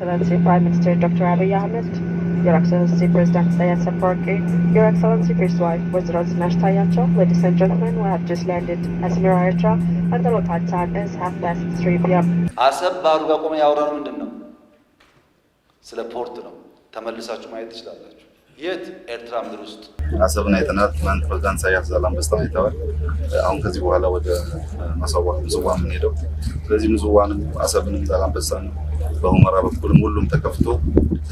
Excellency Prime Minister Dr. Abiy Ahmed, Your Excellency President Sayed Saporki, Your Excellency First Wife Wazir Azinash Tayacho, ladies and gentlemen, we have just landed Asmira, Eritrea, and the local time is half past 3 p.m. አሰብ ባሩ ጋር ቆመ ያወራነው ምንድን ነው? Tamil ፖርት ነው። ተመልሳችሁ ማየት ትችላላችሁ። የት? ኤርትራ ምድር ውስጥ አሰብን አይተናል። ትናንት ፕሬዚዳንት ኢሳያስ ዛላንበሳን አይተዋል። አሁን ከዚህ በኋላ ወደ መሰዋ ምጽዋ የምንሄደው ስለዚህ ምጽዋንም አሰብንም ዛላንበሳንም በሁመራ በኩልም ሁሉም ተከፍቶ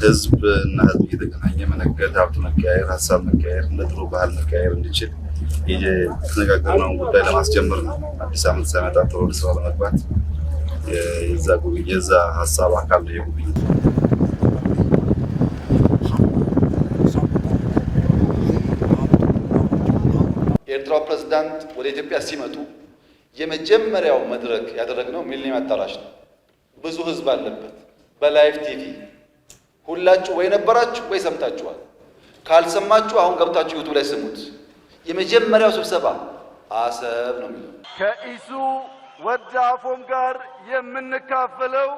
ህዝብ እና ህዝብ እየተገናኘ መነገድ፣ ሀብት መቀያየር፣ ሀሳብ መቀያየር፣ እንደ ጥሩ ባህል መቀያየር እንዲችል የተነጋገርነውን ጉዳይ ለማስጀመር ነው። አዲስ ዓመት ሳይመጣ ጥሩ ስራ ለመግባት የዛ ሀሳብ አካል ነው የጉብኝት የኤርትራው ፕሬዝዳንት ወደ ኢትዮጵያ ሲመጡ የመጀመሪያው መድረክ ያደረግነው ሚሊኒየም አዳራሽ ነው። ብዙ ህዝብ አለበት። በላይቭ ቲቪ ሁላችሁ ወይ ነበራችሁ ወይ ሰምታችኋል። ካልሰማችሁ አሁን ገብታችሁ ዩቱብ ላይ ስሙት። የመጀመሪያው ስብሰባ አሰብ ነው የሚለው ከኢሱ አፎም ጋር የምንካፈለው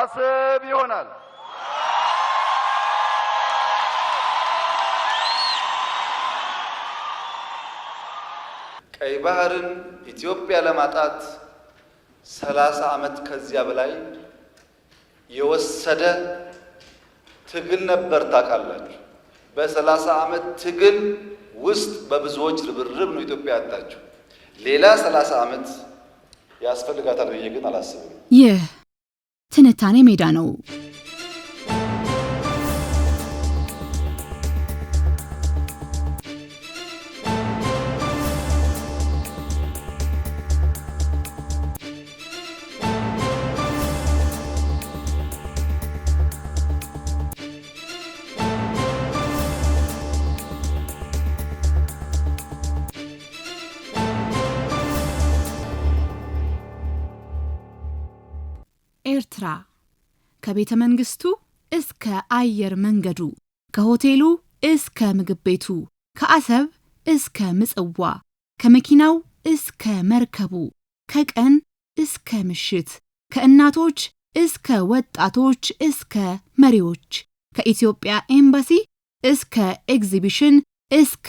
አሰብ ይሆናል። ቀይ ባህርን ኢትዮጵያ ለማጣት ሰላሳ ዓመት ከዚያ በላይ የወሰደ ትግል ነበር። ታውቃላችሁ፣ በሰላሳ ዓመት ትግል ውስጥ በብዙዎች ርብርብ ነው ኢትዮጵያ ያጣችው። ሌላ ሰላሳ ዓመት ያስፈልጋታል ብዬ ግን አላስብም። ይህ ትንታኔ ሜዳ ነው። ኤርትራ ከቤተ መንግስቱ እስከ አየር መንገዱ ከሆቴሉ እስከ ምግብ ቤቱ ከአሰብ እስከ ምጽዋ ከመኪናው እስከ መርከቡ ከቀን እስከ ምሽት ከእናቶች እስከ ወጣቶች እስከ መሪዎች ከኢትዮጵያ ኤምባሲ እስከ ኤግዚቢሽን እስከ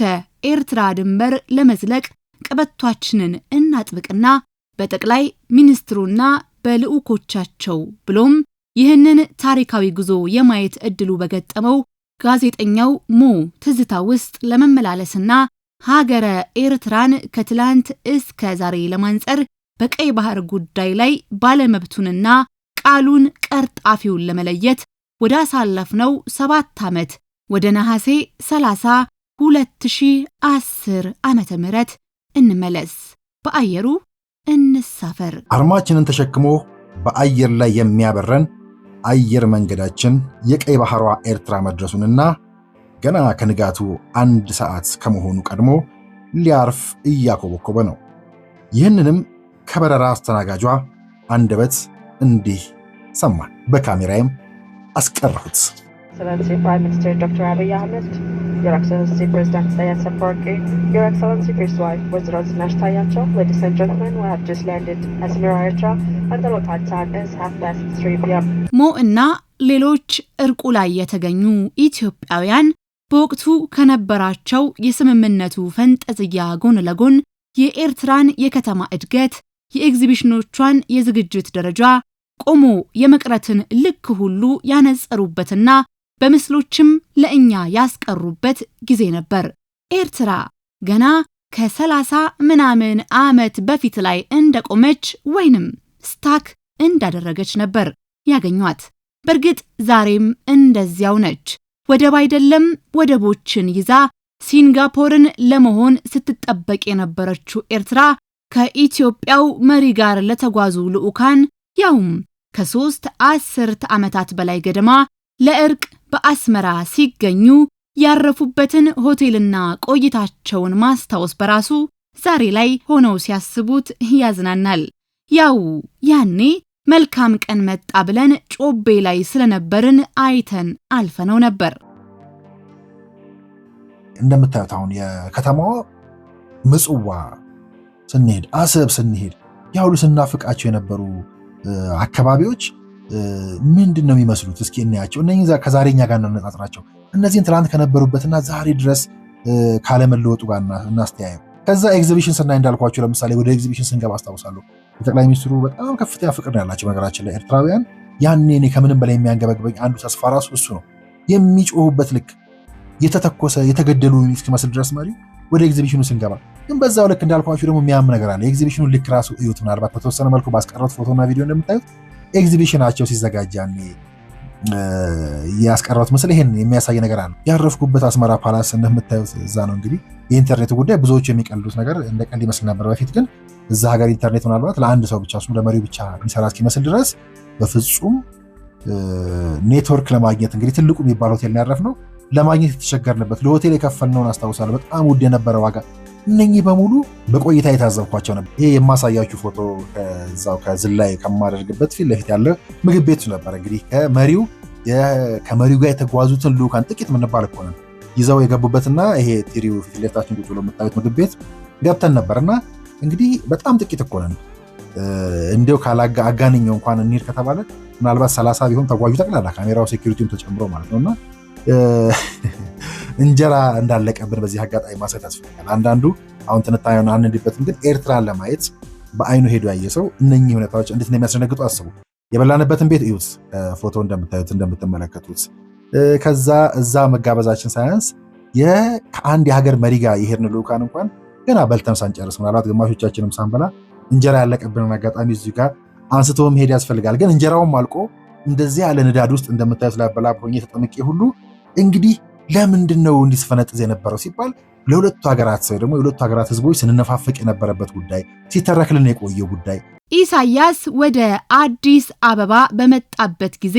ኤርትራ ድንበር ለመዝለቅ ቀበቷችንን እናጥብቅና በጠቅላይ ሚኒስትሩና በልዑኮቻቸው ብሎም ይህንን ታሪካዊ ጉዞ የማየት እድሉ በገጠመው ጋዜጠኛው ሞ ትዝታ ውስጥ ለመመላለስና ሀገረ ኤርትራን ከትላንት እስከ ዛሬ ለማንጸር በቀይ ባህር ጉዳይ ላይ ባለመብቱንና ቃሉን ቀርጣፊውን ለመለየት ወደ አሳለፍነው ሰባት ዓመት ወደ ነሐሴ 30 2010 ዓ ምህረት እንመለስ። በአየሩ እንሳፈር። አርማችንን ተሸክሞ በአየር ላይ የሚያበረን አየር መንገዳችን የቀይ ባህሯ ኤርትራ መድረሱንና ገና ከንጋቱ አንድ ሰዓት ከመሆኑ ቀድሞ ሊያርፍ እያኮበኮበ ነው። ይህንንም ከበረራ አስተናጋጇ አንደበት እንዲህ ሰማን፣ በካሜራዬም አስቀረሁት። Your Excellency President Sayasa Safarki, Your Excellency First Wife was Wazirot Nashtayancho, ladies and gentlemen, we have just landed as Miraitra and the local time is half past 3 p.m. ሞ እና ሌሎች እርቁ ላይ የተገኙ ኢትዮጵያውያን በወቅቱ ከነበራቸው የስምምነቱ ፈንጠዝያ ጎን ለጎን የኤርትራን የከተማ እድገት የኤግዚቢሽኖቿን የዝግጅት ደረጃ ቆሞ የመቅረትን ልክ ሁሉ ያነጸሩበትና በምስሎችም ለእኛ ያስቀሩበት ጊዜ ነበር። ኤርትራ ገና ከሰላሳ ምናምን ዓመት በፊት ላይ እንደቆመች ወይንም ስታክ እንዳደረገች ነበር ያገኟት። በእርግጥ ዛሬም እንደዚያው ነች። ወደብ አይደለም ወደቦችን ይዛ ሲንጋፖርን ለመሆን ስትጠበቅ የነበረችው ኤርትራ ከኢትዮጵያው መሪ ጋር ለተጓዙ ልዑካን ያውም ከሶስት አስርት ዓመታት በላይ ገደማ ለእርቅ በአስመራ ሲገኙ ያረፉበትን ሆቴልና ቆይታቸውን ማስታወስ በራሱ ዛሬ ላይ ሆነው ሲያስቡት ያዝናናል። ያው ያኔ መልካም ቀን መጣ ብለን ጮቤ ላይ ስለነበርን አይተን አልፈነው ነበር። እንደምታዩት አሁን የከተማዋ ምጽዋ ስንሄድ፣ አሰብ ስንሄድ፣ ያሁሉ ስናፍቃቸው የነበሩ አካባቢዎች ምንድን ነው የሚመስሉት? እስኪ እናያቸው። እነ ከዛሬኛ ጋር እናነጻጽራቸው። እነዚህን ትናንት ከነበሩበትና ዛሬ ድረስ ካለመለወጡ ጋር እናስተያየው። ከዛ ኤግዚቢሽን ስናይ እንዳልኳቸው ለምሳሌ ወደ ኤግዚቢሽን ስንገባ አስታውሳሉ የጠቅላይ ሚኒስትሩ በጣም ከፍተኛ ፍቅር ነው ያላቸው ነገራችን ላይ ኤርትራውያን። ያኔ እኔ ከምንም በላይ የሚያንገበግበኝ አንዱ ተስፋ ራሱ እሱ ነው። የሚጮሁበት ልክ የተተኮሰ የተገደሉ እስኪመስል ድረስ መሪ ወደ ኤግዚቢሽኑ ስንገባ ግን በዛው ልክ እንዳልኳችሁ ደግሞ የሚያም ነገር አለ። የኤግዚቢሽኑ ልክ ራሱ እዩት። ምናልባት በተወሰነ መልኩ ባስቀረት ፎቶና ቪዲዮ እንደምታዩት ኤግዚቢሽናቸው ሲዘጋጅ ያስቀረት ምስል ይሄን የሚያሳይ ነገር አለ። ያረፍኩበት አስመራ ፓላስ እንደምታዩት እዛ ነው። እንግዲህ የኢንተርኔት ጉዳይ ብዙዎቹ የሚቀልዱት ነገር እንደ ቀልድ ይመስል ነበር በፊት ግን እዛ ሀገር ኢንተርኔት ምናልባት ለአንድ ሰው ብቻ እሱም ለመሪው ብቻ የሚሰራ እስኪመስል ድረስ በፍጹም ኔትወርክ ለማግኘት እንግዲህ ትልቁ የሚባል ሆቴል ያረፍ ነው ለማግኘት የተቸገርንበት ለሆቴል የከፈልነውን አስታውሳለሁ። በጣም ውድ የነበረ ዋጋ እነኚህ በሙሉ በቆይታ የታዘብኳቸው ነበር። ይሄ የማሳያችሁ ፎቶ ከዛው ከዝላይ ከማደርግበት ፊት ለፊት ያለ ምግብ ቤቱ ነበር። እንግዲህ ከመሪው ከመሪው ጋር የተጓዙትን ልዑካን ጥቂት የምንባል እኮ ነን ይዘው የገቡበትና ይሄ ትሪው ፊት ለፊታችን ቁጭ ብሎ የምታዩት ምግብ ቤት ገብተን ነበር እና እንግዲህ በጣም ጥቂት እኮ ነን። ካላጋ አጋንኛው እንኳን እንሂድ ከተባለ ምናልባት ሰላሳ ቢሆን ተጓዡ ጠቅላላ ካሜራው ሴኪሪቲውን ተጨምሮ ማለት ነው እና እንጀራ እንዳለቀብን በዚህ አጋጣሚ ማሳየት ያስፈልጋል። አንዳንዱ አሁን ትንታኔውን አንድበትም፣ ግን ኤርትራን ለማየት በአይኑ ሄዶ ያየ ሰው እነኚህ ሁኔታዎች እንዴት የሚያስደነግጡ አስቡ። የበላንበትን ቤት እዩት፣ ፎቶ እንደምታዩት እንደምትመለከቱት። ከዛ እዛ መጋበዛችን ሳያንስ ከአንድ የሀገር መሪ ጋር የሄድን ልዑካን እንኳን ገና በልተን ሳንጨርስ ምናልባት ግማሾቻችንም ሳንበላ እንጀራ ያለቀብንን አጋጣሚ እዚ ጋር አንስቶ መሄድ ያስፈልጋል። ግን እንጀራውም አልቆ እንደዚህ ያለ ንዳድ ውስጥ እንደምታዩት ላበላ ሆኜ ተጠምቄ ሁሉ እንግዲህ ለምንድን ነው እንዲስፈነጥዝ የነበረው ሲባል ለሁለቱ ሀገራት ሰው ደግሞ የሁለቱ ሀገራት ህዝቦች ስንነፋፈቅ የነበረበት ጉዳይ ሲተረክልን የቆየው ጉዳይ። ኢሳያስ ወደ አዲስ አበባ በመጣበት ጊዜ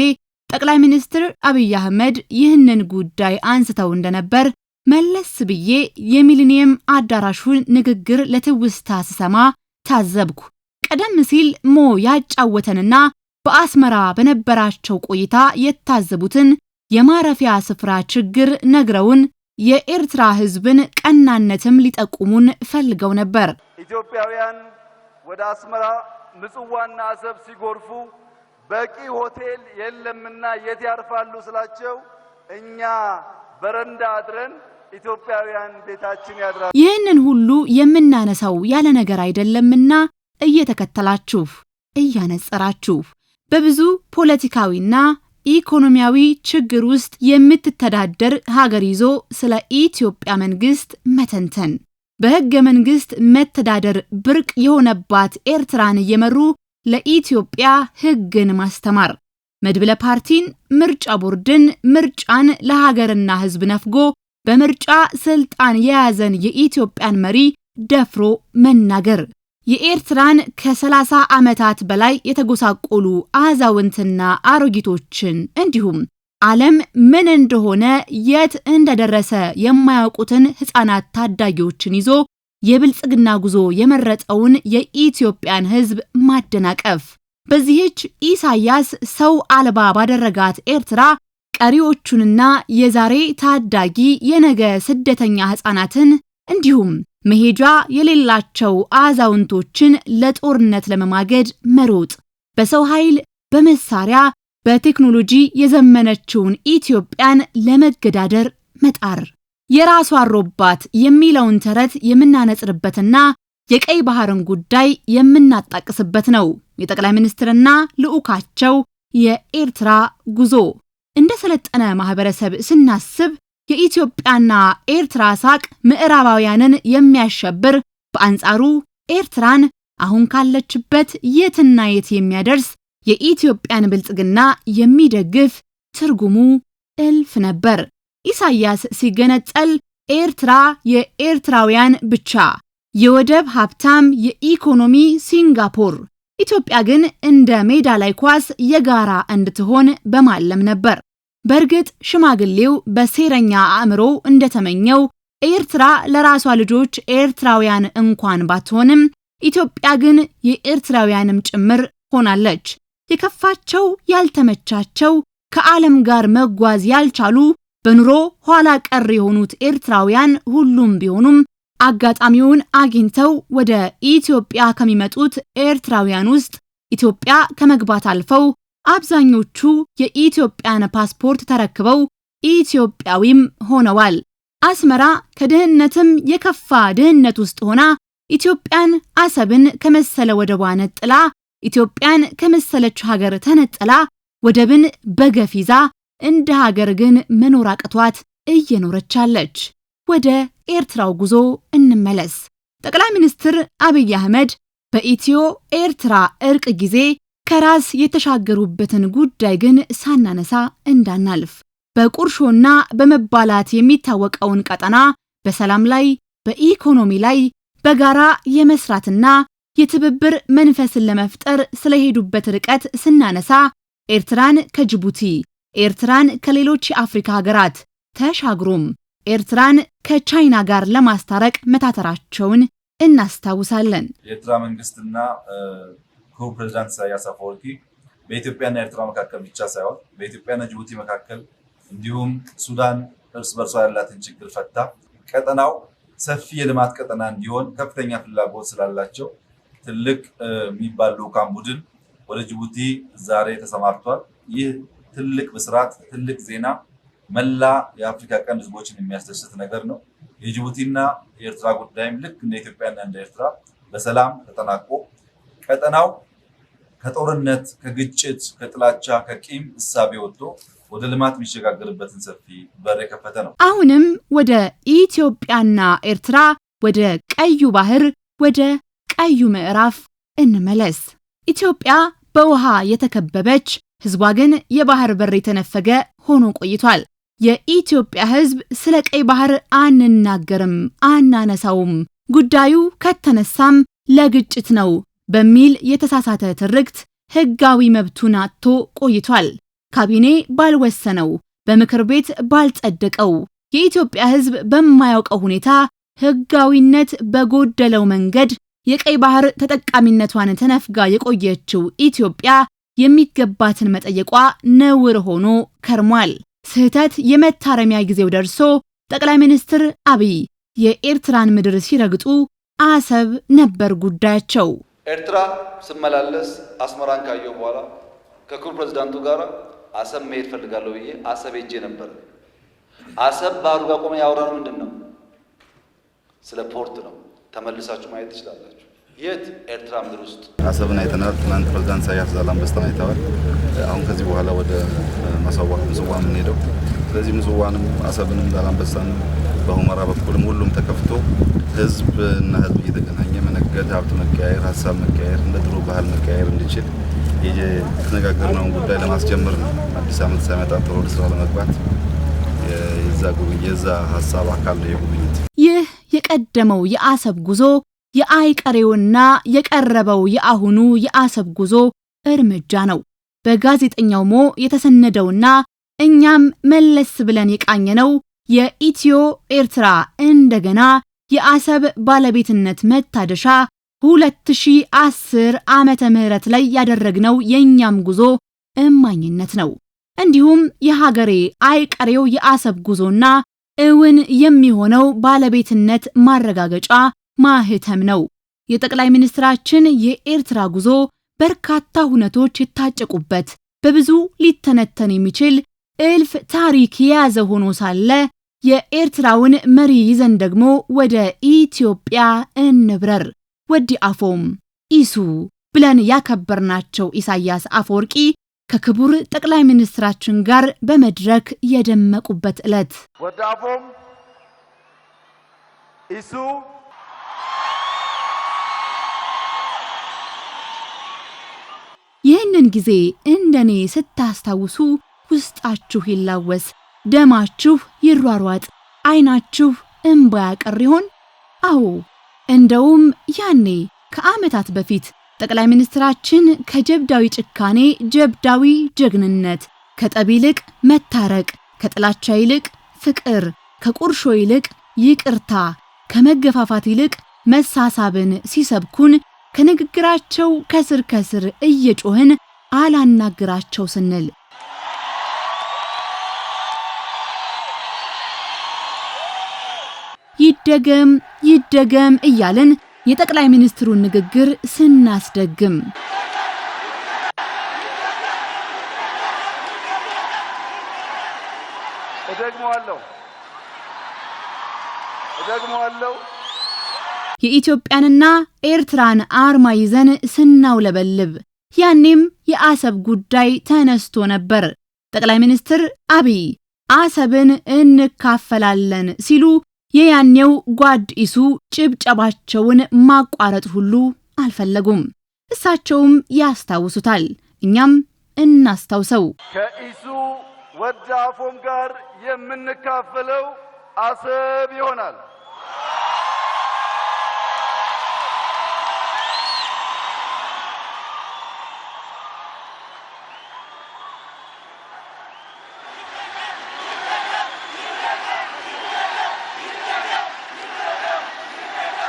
ጠቅላይ ሚኒስትር አብይ አህመድ ይህንን ጉዳይ አንስተው እንደነበር መለስ ብዬ የሚሊኒየም አዳራሹን ንግግር ለትውስታ ስሰማ ታዘብኩ። ቀደም ሲል ሞ ያጫወተንና በአስመራ በነበራቸው ቆይታ የታዘቡትን የማረፊያ ስፍራ ችግር ነግረውን የኤርትራ ሕዝብን ቀናነትም ሊጠቁሙን ፈልገው ነበር። ኢትዮጵያውያን ወደ አስመራ ምጽዋና አሰብ ሲጎርፉ በቂ ሆቴል የለምና የት ያርፋሉ ስላቸው እኛ በረንዳ አድረን ኢትዮጵያውያን ቤታችን ያድራሉ። ይህንን ሁሉ የምናነሳው ያለ ነገር አይደለምና እየተከተላችሁ እያነጸራችሁ በብዙ ፖለቲካዊና ኢኮኖሚያዊ ችግር ውስጥ የምትተዳደር ሀገር ይዞ ስለ ኢትዮጵያ መንግስት መተንተን በህገ መንግስት መተዳደር ብርቅ የሆነባት ኤርትራን እየመሩ ለኢትዮጵያ ህግን ማስተማር መድብለ ፓርቲን፣ ምርጫ ቦርድን፣ ምርጫን ለሀገርና ህዝብ ነፍጎ በምርጫ ስልጣን የያዘን የኢትዮጵያን መሪ ደፍሮ መናገር የኤርትራን ከ30 ዓመታት በላይ የተጎሳቆሉ አዛውንትና አሮጊቶችን እንዲሁም ዓለም ምን እንደሆነ የት እንደደረሰ የማያውቁትን ሕፃናት ታዳጊዎችን ይዞ የብልጽግና ጉዞ የመረጠውን የኢትዮጵያን ሕዝብ ማደናቀፍ በዚህች ኢሳያስ ሰው አልባ ባደረጋት ኤርትራ ቀሪዎቹንና የዛሬ ታዳጊ የነገ ስደተኛ ሕፃናትን እንዲሁም መሄጃ የሌላቸው አዛውንቶችን ለጦርነት ለመማገድ መሮጥ፣ በሰው ኃይል፣ በመሳሪያ፣ በቴክኖሎጂ የዘመነችውን ኢትዮጵያን ለመገዳደር መጣር፣ የራሷ አሮባት የሚለውን ተረት የምናነጽርበትና የቀይ ባህርን ጉዳይ የምናጣቅስበት ነው። የጠቅላይ ሚኒስትርና ልዑካቸው የኤርትራ ጉዞ እንደ ሰለጠነ ማህበረሰብ ስናስብ የኢትዮጵያና ኤርትራ ሳቅ ምዕራባውያንን የሚያሸብር በአንጻሩ ኤርትራን አሁን ካለችበት የትና የት የሚያደርስ የኢትዮጵያን ብልጽግና የሚደግፍ ትርጉሙ እልፍ ነበር። ኢሳያስ ሲገነጠል ኤርትራ የኤርትራውያን ብቻ፣ የወደብ ሀብታም የኢኮኖሚ ሲንጋፖር፣ ኢትዮጵያ ግን እንደ ሜዳ ላይ ኳስ የጋራ እንድትሆን በማለም ነበር። በእርግጥ ሽማግሌው በሴረኛ አእምሮ እንደተመኘው ኤርትራ ለራሷ ልጆች ኤርትራውያን እንኳን ባትሆንም ኢትዮጵያ ግን የኤርትራውያንም ጭምር ሆናለች። የከፋቸው፣ ያልተመቻቸው፣ ከዓለም ጋር መጓዝ ያልቻሉ በኑሮ ኋላ ቀር የሆኑት ኤርትራውያን ሁሉም ቢሆኑም አጋጣሚውን አግኝተው ወደ ኢትዮጵያ ከሚመጡት ኤርትራውያን ውስጥ ኢትዮጵያ ከመግባት አልፈው አብዛኞቹ የኢትዮጵያን ፓስፖርት ተረክበው ኢትዮጵያዊም ሆነዋል። አስመራ ከድህነትም የከፋ ድህነት ውስጥ ሆና ኢትዮጵያን አሰብን ከመሰለ ወደቧ ነጥላ ኢትዮጵያን ከመሰለች ሀገር ተነጥላ ወደብን በገፍ ይዛ እንደ ሀገር ግን መኖር አቅቷት እየኖረቻለች። ወደ ኤርትራው ጉዞ እንመለስ። ጠቅላይ ሚኒስትር አብይ አህመድ በኢትዮ ኤርትራ እርቅ ጊዜ ከራስ የተሻገሩበትን ጉዳይ ግን ሳናነሳ እንዳናልፍ በቁርሾና በመባላት የሚታወቀውን ቀጠና በሰላም ላይ፣ በኢኮኖሚ ላይ በጋራ የመስራትና የትብብር መንፈስን ለመፍጠር ስለሄዱበት ርቀት ስናነሳ ኤርትራን ከጅቡቲ፣ ኤርትራን ከሌሎች የአፍሪካ ሀገራት ተሻግሮም ኤርትራን ከቻይና ጋር ለማስታረቅ መታተራቸውን እናስታውሳለን። የኤርትራ መንግስትና ክቡር ፕሬዚዳንት ኢሳያስ አፈወርቂ በኢትዮጵያና ኤርትራ መካከል ብቻ ሳይሆን በኢትዮጵያና ጅቡቲ መካከል እንዲሁም ሱዳን እርስ በርሷ ያላትን ችግር ፈታ ቀጠናው ሰፊ የልማት ቀጠና እንዲሆን ከፍተኛ ፍላጎት ስላላቸው ትልቅ የሚባል ልዑካን ቡድን ወደ ጅቡቲ ዛሬ ተሰማርቷል። ይህ ትልቅ ብስራት፣ ትልቅ ዜና መላ የአፍሪካ ቀንድ ህዝቦችን የሚያስደስት ነገር ነው። የጅቡቲና የኤርትራ ጉዳይም ልክ እንደ ኢትዮጵያና እንደ ኤርትራ በሰላም ተጠናቆ ቀጠናው ከጦርነት፣ ከግጭት፣ ከጥላቻ፣ ከቂም እሳቤ ወጥቶ ወደ ልማት የሚሸጋገርበትን ሰፊ በር የከፈተ ነው። አሁንም ወደ ኢትዮጵያና ኤርትራ፣ ወደ ቀዩ ባህር፣ ወደ ቀዩ ምዕራፍ እንመለስ። ኢትዮጵያ በውሃ የተከበበች ህዝቧ ግን የባህር በር የተነፈገ ሆኖ ቆይቷል። የኢትዮጵያ ህዝብ ስለ ቀይ ባህር አንናገርም፣ አናነሳውም፣ ጉዳዩ ከተነሳም ለግጭት ነው በሚል የተሳሳተ ትርክት ህጋዊ መብቱን አጥቶ ቆይቷል። ካቢኔ ባልወሰነው፣ በምክር ቤት ባልጸደቀው፣ የኢትዮጵያ ህዝብ በማያውቀው ሁኔታ ህጋዊነት በጎደለው መንገድ የቀይ ባህር ተጠቃሚነቷን ተነፍጋ የቆየችው ኢትዮጵያ የሚገባትን መጠየቋ ነውር ሆኖ ከርሟል። ስህተት የመታረሚያ ጊዜው ደርሶ ጠቅላይ ሚኒስትር አብይ የኤርትራን ምድር ሲረግጡ አሰብ ነበር ጉዳያቸው። ኤርትራ ስመላለስ አስመራን ካየሁ በኋላ ከክቡር ፕሬዚዳንቱ ጋር አሰብ መሄድ ፈልጋለሁ ብዬ አሰብ ሄጄ ነበር። አሰብ ባህሩ ጋር ቆመ ነው ምንድን ነው? ስለ ፖርት ነው። ተመልሳችሁ ማየት ትችላላችሁ። የት ኤርትራ ምድር ውስጥ አሰብን አይተናል። ትናንት ፕሬዚዳንት ኢሳያስ ዛላንበሳን አይተዋል። አሁን ከዚህ በኋላ ወደ መሰዋ ምጽዋ የምንሄደው ስለዚህ ምጽዋንም አሰብንም ዛላንበሳንም በሁመራ በኩልም ሁሉም ተከፍቶ ህዝብና ህዝብ እየተገናኘ እድገት፣ ሀብት መቀያየር፣ ሀሳብ መቀያየር፣ እንደ ድሮ ባህል መቀያየር እንዲችል የተነጋገርነውን ጉዳይ ለማስጀምር ነው። አዲስ ዓመት ሳይመጣ ጥሩ ወደ ስራ ለመግባት የዛ ሀሳብ አካል ነው የጉብኝት። ይህ የቀደመው የአሰብ ጉዞ የአይቀሬውና የቀረበው የአሁኑ የአሰብ ጉዞ እርምጃ ነው። በጋዜጠኛው ሞ የተሰነደውና እኛም መለስ ብለን የቃኘነው የኢትዮ ኤርትራ እንደገና የአሰብ ባለቤትነት መታደሻ 2010 ዓመተ ምህረት ላይ ያደረግነው የእኛም ጉዞ እማኝነት ነው። እንዲሁም የሀገሬ አይቀሬው የአሰብ ጉዞና እውን የሚሆነው ባለቤትነት ማረጋገጫ ማህተም ነው። የጠቅላይ ሚኒስትራችን የኤርትራ ጉዞ በርካታ ሁነቶች የታጨቁበት በብዙ ሊተነተን የሚችል እልፍ ታሪክ የያዘ ሆኖ ሳለ የኤርትራውን መሪ ይዘን ደግሞ ወደ ኢትዮጵያ እንብረር። ወዲ አፎም ኢሱ ብለን ያከበርናቸው ኢሳያስ አፈወርቂ ከክቡር ጠቅላይ ሚኒስትራችን ጋር በመድረክ የደመቁበት ዕለት ወዲ አፎም ኢሱ ይህንን ጊዜ እንደኔ ስታስታውሱ ውስጣችሁ ይላወስ ደማችሁ ይሯሯጥ፣ አይናችሁ እንባ ያቀር ይሆን? አዎ እንደውም ያኔ ከዓመታት በፊት ጠቅላይ ሚኒስትራችን ከጀብዳዊ ጭካኔ ጀብዳዊ ጀግንነት፣ ከጠብ ይልቅ መታረቅ፣ ከጥላቻ ይልቅ ፍቅር፣ ከቁርሾ ይልቅ ይቅርታ፣ ከመገፋፋት ይልቅ መሳሳብን ሲሰብኩን ከንግግራቸው ከስር ከስር እየጮህን አላናግራቸው ስንል ይደገም ይደገም እያለን የጠቅላይ ሚኒስትሩን ንግግር ስናስደግም እደግመዋለሁ እደግመዋለሁ የኢትዮጵያንና ኤርትራን አርማ ይዘን ስናውለበልብ ያኔም የአሰብ ጉዳይ ተነስቶ ነበር። ጠቅላይ ሚኒስትር አብይ አሰብን እንካፈላለን ሲሉ የያኔው ጓድ ኢሱ ጭብጨባቸውን ማቋረጥ ሁሉ አልፈለጉም። እሳቸውም ያስታውሱታል፣ እኛም እናስታውሰው። ከኢሱ ወዳፎም ጋር የምንካፈለው አሰብ ይሆናል።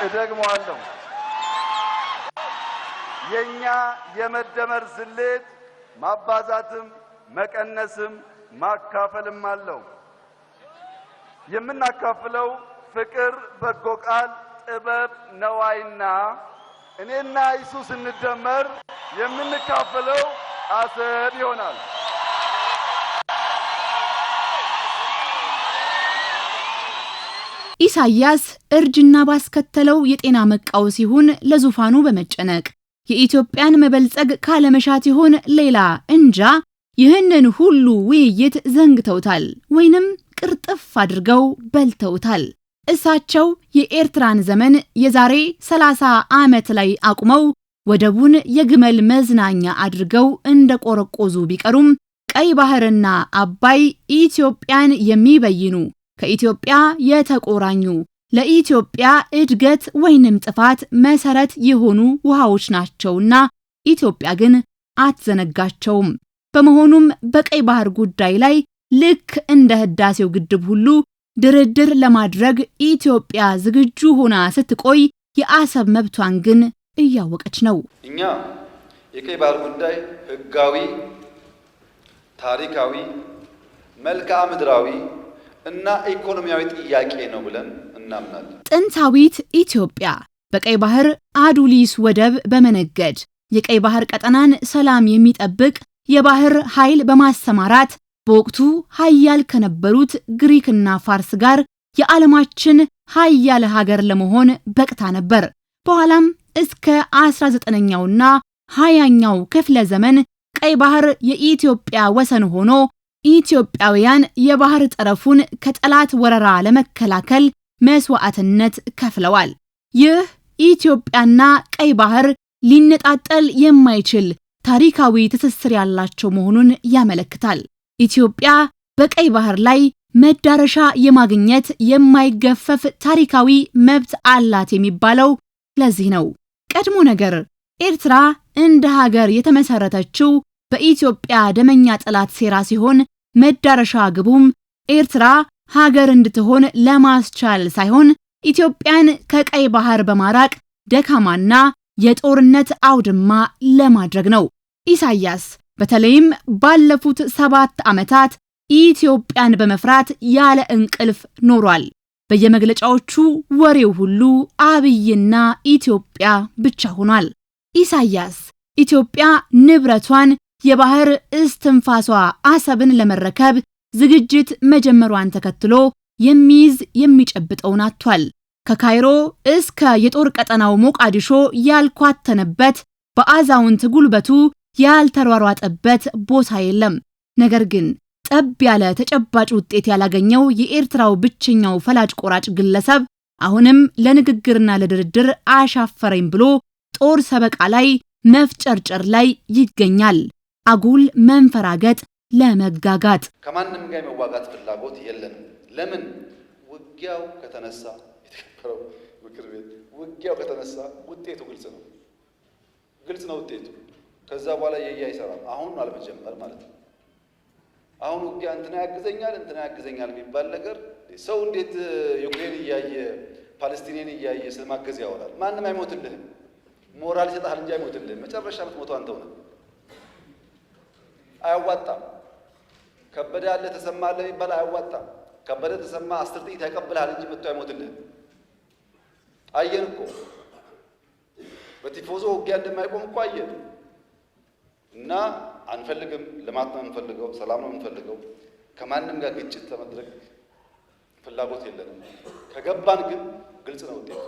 እደግመዋለሁ። የእኛ የመደመር ስሌት ማባዛትም መቀነስም ማካፈልም አለው። የምናካፍለው ፍቅር፣ በጎ ቃል፣ ጥበብ፣ ነዋይና እኔና ኢየሱስ እንደመር የምንካፈለው አሰብ ይሆናል። ኢሳያስ እርጅና ባስከተለው የጤና መቃወስ ይሁን ለዙፋኑ በመጨነቅ የኢትዮጵያን መበልጸግ ካለመሻት ይሆን ሌላ እንጃ። ይህንን ሁሉ ውይይት ዘንግተውታል ወይንም ቅርጥፍ አድርገው በልተውታል። እሳቸው የኤርትራን ዘመን የዛሬ 30 ዓመት ላይ አቁመው ወደቡን የግመል መዝናኛ አድርገው እንደቆረቆዙ ቢቀሩም ቀይ ባህርና አባይ ኢትዮጵያን የሚበይኑ ከኢትዮጵያ የተቆራኙ ለኢትዮጵያ እድገት ወይንም ጥፋት መሰረት የሆኑ ውሃዎች ናቸውና ኢትዮጵያ ግን አትዘነጋቸውም። በመሆኑም በቀይ ባህር ጉዳይ ላይ ልክ እንደ ህዳሴው ግድብ ሁሉ ድርድር ለማድረግ ኢትዮጵያ ዝግጁ ሆና ስትቆይ የአሰብ መብቷን ግን እያወቀች ነው። እኛ የቀይ ባህር ጉዳይ ህጋዊ፣ ታሪካዊ፣ መልክዓ ምድራዊ እና ኢኮኖሚያዊ ጥያቄ ነው ብለን እናምናለን። ጥንታዊት ኢትዮጵያ በቀይ ባህር አዱሊስ ወደብ በመነገድ የቀይ ባህር ቀጠናን ሰላም የሚጠብቅ የባህር ኃይል በማሰማራት በወቅቱ ሀያል ከነበሩት ግሪክና ፋርስ ጋር የዓለማችን ሀያል ሀገር ለመሆን በቅታ ነበር። በኋላም እስከ 19ኛውና 20ኛው ክፍለ ዘመን ቀይ ባህር የኢትዮጵያ ወሰን ሆኖ ኢትዮጵያውያን የባህር ጠረፉን ከጠላት ወረራ ለመከላከል መስዋዕትነት ከፍለዋል። ይህ ኢትዮጵያና ቀይ ባህር ሊነጣጠል የማይችል ታሪካዊ ትስስር ያላቸው መሆኑን ያመለክታል። ኢትዮጵያ በቀይ ባህር ላይ መዳረሻ የማግኘት የማይገፈፍ ታሪካዊ መብት አላት የሚባለው ለዚህ ነው። ቀድሞ ነገር ኤርትራ እንደ ሀገር የተመሰረተችው በኢትዮጵያ ደመኛ ጠላት ሴራ ሲሆን መዳረሻ ግቡም ኤርትራ ሀገር እንድትሆን ለማስቻል ሳይሆን ኢትዮጵያን ከቀይ ባህር በማራቅ ደካማና የጦርነት አውድማ ለማድረግ ነው። ኢሳያስ በተለይም ባለፉት ሰባት ዓመታት ኢትዮጵያን በመፍራት ያለ እንቅልፍ ኖሯል። በየመግለጫዎቹ ወሬው ሁሉ አብይና ኢትዮጵያ ብቻ ሆኗል። ኢሳያስ ኢትዮጵያ ንብረቷን የባህር እስትንፋሷ አሰብን ለመረከብ ዝግጅት መጀመሯን ተከትሎ የሚይዝ የሚጨብጠውን አጥቷል። ከካይሮ እስከ የጦር ቀጠናው ሞቃዲሾ ያልኳተነበት በአዛውንት ጉልበቱ ያልተሯሯጠበት ቦታ የለም። ነገር ግን ጠብ ያለ ተጨባጭ ውጤት ያላገኘው የኤርትራው ብቸኛው ፈላጭ ቆራጭ ግለሰብ አሁንም ለንግግርና ለድርድር አሻፈረኝ ብሎ ጦር ሰበቃ ላይ መፍጨርጨር ላይ ይገኛል። አጉል መንፈራገጥ፣ ለመጋጋጥ ከማንም ጋር የመዋጋት ፍላጎት የለንም። ለምን ውጊያው ከተነሳ የተከበረው ምክር ቤት ውጊያው ከተነሳ ውጤቱ ግልጽ ነው። ግልጽ ነው ውጤቱ። ከዛ በኋላ የየ አይሰራም። አሁን አለመጀመር ማለት ነው። አሁን ውጊያ እንትና ያግዘኛል እንትና ያግዘኛል የሚባል ነገር ሰው እንዴት ዩክሬን እያየ ፓለስቲኔን እያየ ስለማገዝ ያወራል? ማንም አይሞትልህም። ሞራል ይሰጥሃል እንጂ አይሞትልህም። መጨረሻ ምትሞተው አንተው ነህ። አያዋጣም። ከበደ ያለ ተሰማ አለ የሚባል አያዋጣም። ከበደ ተሰማ አስር ጥይት ያቀብልሃል እንጂ መጥቶ አይሞትልህ። አየን እኮ በቲፎዞ ውጊያ እንደማይቆም እኮ አየን። እና አንፈልግም። ልማት ነው የምንፈልገው፣ ሰላም ነው የምንፈልገው። ከማንም ጋር ግጭት ለመድረግ ፍላጎት የለንም። ከገባን ግን ግልጽ ነው ውጤቱ።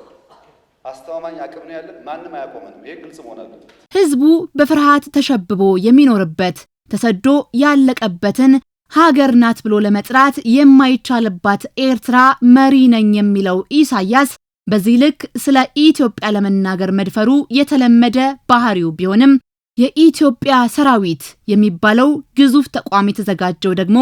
አስተማማኝ አቅም ነው ያለን። ማንም አያቆመንም። ይሄ ግልጽ መሆን አለበት። ህዝቡ በፍርሃት ተሸብቦ የሚኖርበት ተሰዶ ያለቀበትን ሀገር ናት ብሎ ለመጥራት የማይቻልባት ኤርትራ መሪ ነኝ የሚለው ኢሳያስ በዚህ ልክ ስለ ኢትዮጵያ ለመናገር መድፈሩ የተለመደ ባህሪው ቢሆንም የኢትዮጵያ ሰራዊት የሚባለው ግዙፍ ተቋም የተዘጋጀው ደግሞ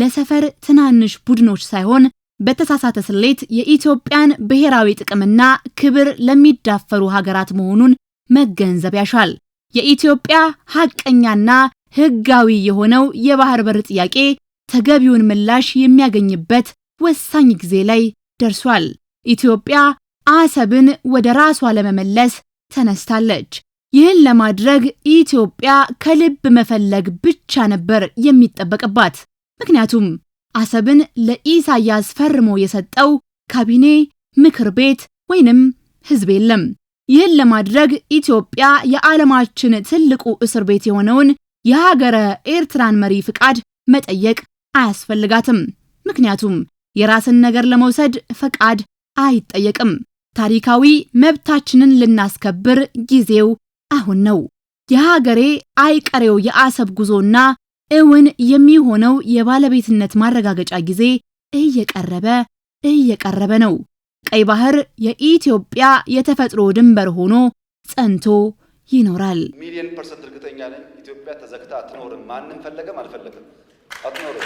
ለሰፈር ትናንሽ ቡድኖች ሳይሆን በተሳሳተ ስሌት የኢትዮጵያን ብሔራዊ ጥቅምና ክብር ለሚዳፈሩ ሀገራት መሆኑን መገንዘብ ያሻል። የኢትዮጵያ ሀቀኛና ህጋዊ የሆነው የባህር በር ጥያቄ ተገቢውን ምላሽ የሚያገኝበት ወሳኝ ጊዜ ላይ ደርሷል። ኢትዮጵያ አሰብን ወደ ራሷ ለመመለስ ተነስታለች። ይህን ለማድረግ ኢትዮጵያ ከልብ መፈለግ ብቻ ነበር የሚጠበቅባት። ምክንያቱም አሰብን ለኢሳያስ ፈርሞ የሰጠው ካቢኔ፣ ምክር ቤት ወይንም ህዝብ የለም። ይህን ለማድረግ ኢትዮጵያ የዓለማችን ትልቁ እስር ቤት የሆነውን የሀገረ ኤርትራን መሪ ፍቃድ መጠየቅ አያስፈልጋትም። ምክንያቱም የራስን ነገር ለመውሰድ ፈቃድ አይጠየቅም። ታሪካዊ መብታችንን ልናስከብር ጊዜው አሁን ነው። የሀገሬ አይቀሬው የአሰብ ጉዞና እውን የሚሆነው የባለቤትነት ማረጋገጫ ጊዜ እየቀረበ እየቀረበ ነው። ቀይ ባህር የኢትዮጵያ የተፈጥሮ ድንበር ሆኖ ጸንቶ ይኖራል። ሚሊዮን ፐርሰንት እርግጠኛ ነኝ ኢትዮጵያ ተዘግታ አትኖርም። ማንም ፈለገም አልፈለገም አትኖርም።